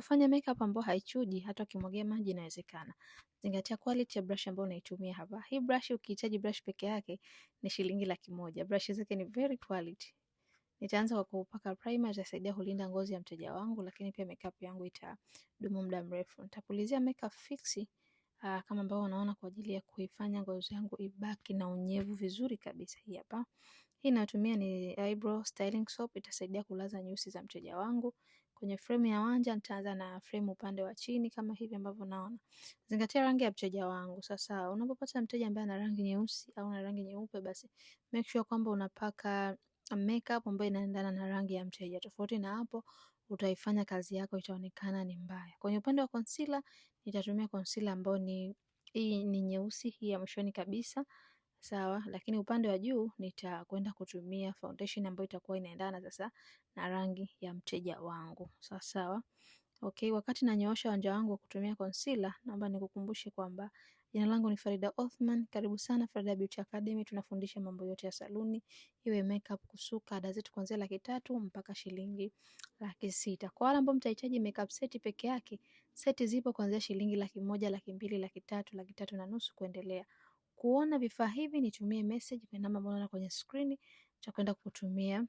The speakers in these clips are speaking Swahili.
Kufanya makeup ambayo haichuji hata ukimwagia maji inawezekana. Zingatia quality ya brush ambayo unaitumia hapa. Hii brush ukihitaji brush peke yake ni shilingi laki moja. Brush zake ni very quality. Nitaanza kwa kupaka primer, itasaidia kulinda ngozi ya mteja wangu, lakini pia makeup yangu itadumu muda mrefu. Nitapulizia makeup fix Uh, kama ambavyo unaona kwa ajili ya kuifanya ngozi yangu ibaki na unyevu vizuri kabisa. Hii hapa, hii natumia ni eyebrow styling soap, itasaidia kulaza nyusi za mteja wangu Kwenye fremu ya wanja nitaanza na fremu upande wa chini kama hivi ambavyo naona. Zingatia rangi ya mteja wangu. Sasa unapopata mteja ambaye ana rangi nyeusi au ana rangi nyeupe, basi make sure kwamba unapaka makeup ambayo inaendana na rangi ya mteja. Tofauti na hapo utaifanya kazi yako itaonekana ni mbaya. Kwenye upande wa concealer nitatumia concealer ambayo ni hii ni nyeusi hii ya mwishoni kabisa sawa, lakini upande wa juu nitakwenda kutumia foundation ambayo itakuwa inaendana sasa na rangi ya mteja wangu sawa sawa. Okay, wakati nanyoosha wanja wangu wa kutumia concealer, naomba nikukumbushe kwamba jina langu ni Farida Othman. Karibu sana Farida Beauty Academy, tunafundisha mambo yote ya saluni, iwe makeup, kusuka. Ada zetu kuanzia laki tatu mpaka shilingi laki sita. Kwa wale ambao mtahitaji makeup seti peke yake, seti zipo kuanzia shilingi laki moja, laki mbili, laki tatu, laki tatu na nusu kuendelea. Kuona vifaa hivi nitumie message kwa namba ambayo unaona kwenye screen, kwenda kutumia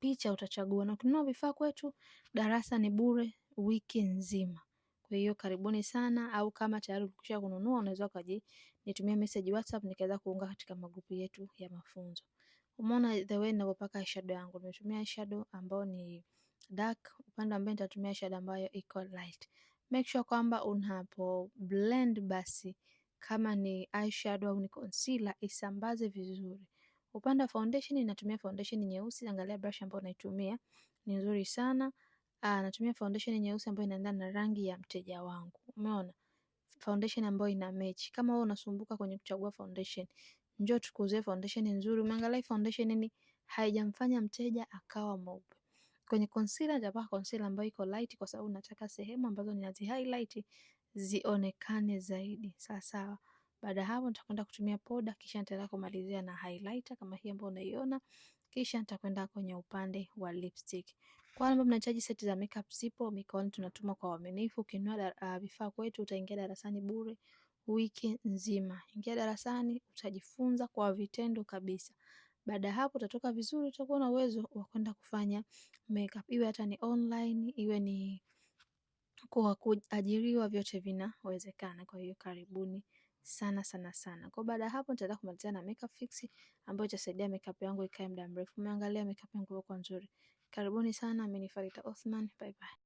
picha utachagua. Na ukinunua vifaa kwetu, darasa ni bure wiki nzima. Kwa hiyo karibuni sana, au kama tayari ukisha kununua unaweza nitumie message WhatsApp nikaweza kuunga katika magrupu yetu ya mafunzo. Umeona the way ninavyopaka shadow yangu. Nimetumia shadow ambayo ni dark, upande ambao nitatumia shadow ambayo iko light. Make sure kwamba unapo blend basi kama ni eyeshadow au ni concealer isambaze vizuri. Upande wa foundation ninatumia foundation nyeusi, angalia brush ambayo naitumia ni nzuri sana. Aa, ah, natumia foundation nyeusi ambayo inaendana na rangi ya mteja wangu. Umeona? Foundation ambayo ina match. Kama wewe unasumbuka kwenye kuchagua foundation, njoo tukuuzie foundation nzuri. Umeangalia foundation ni haijamfanya mteja akawa mweupe. Kwenye concealer nitapaka concealer ambayo iko light kwa sababu nataka sehemu ambazo ninazi highlight zionekane zaidi sawa sawa. Baada ya hapo nitakwenda kutumia poda, kisha nitaenda kumalizia na highlighter kama hii ambayo unaiona, kisha nitakwenda kwenye upande wa lipstick. Kwa wale ambao mnahitaji seti za makeup zipo mikoani, tunatuma kwa uaminifu. Ukinunua uh, vifaa kwetu utaingia darasani bure wiki nzima. Ingia darasani utajifunza kwa vitendo kabisa. Baada ya hapo utatoka vizuri, utakuwa na uwezo wa kwenda kufanya makeup, iwe hata ni online, iwe ni kwa kuajiriwa vyote vinawezekana. Kwa hiyo karibuni sana sana sana. Kwa baada ya hapo nitaenda kumalizia na makeup fix ambayo itasaidia makeup yangu ikae muda mrefu. Umeangalia makeup yangu kwa nzuri. Karibuni sana, mimi ni Farida Othman. Bye bye.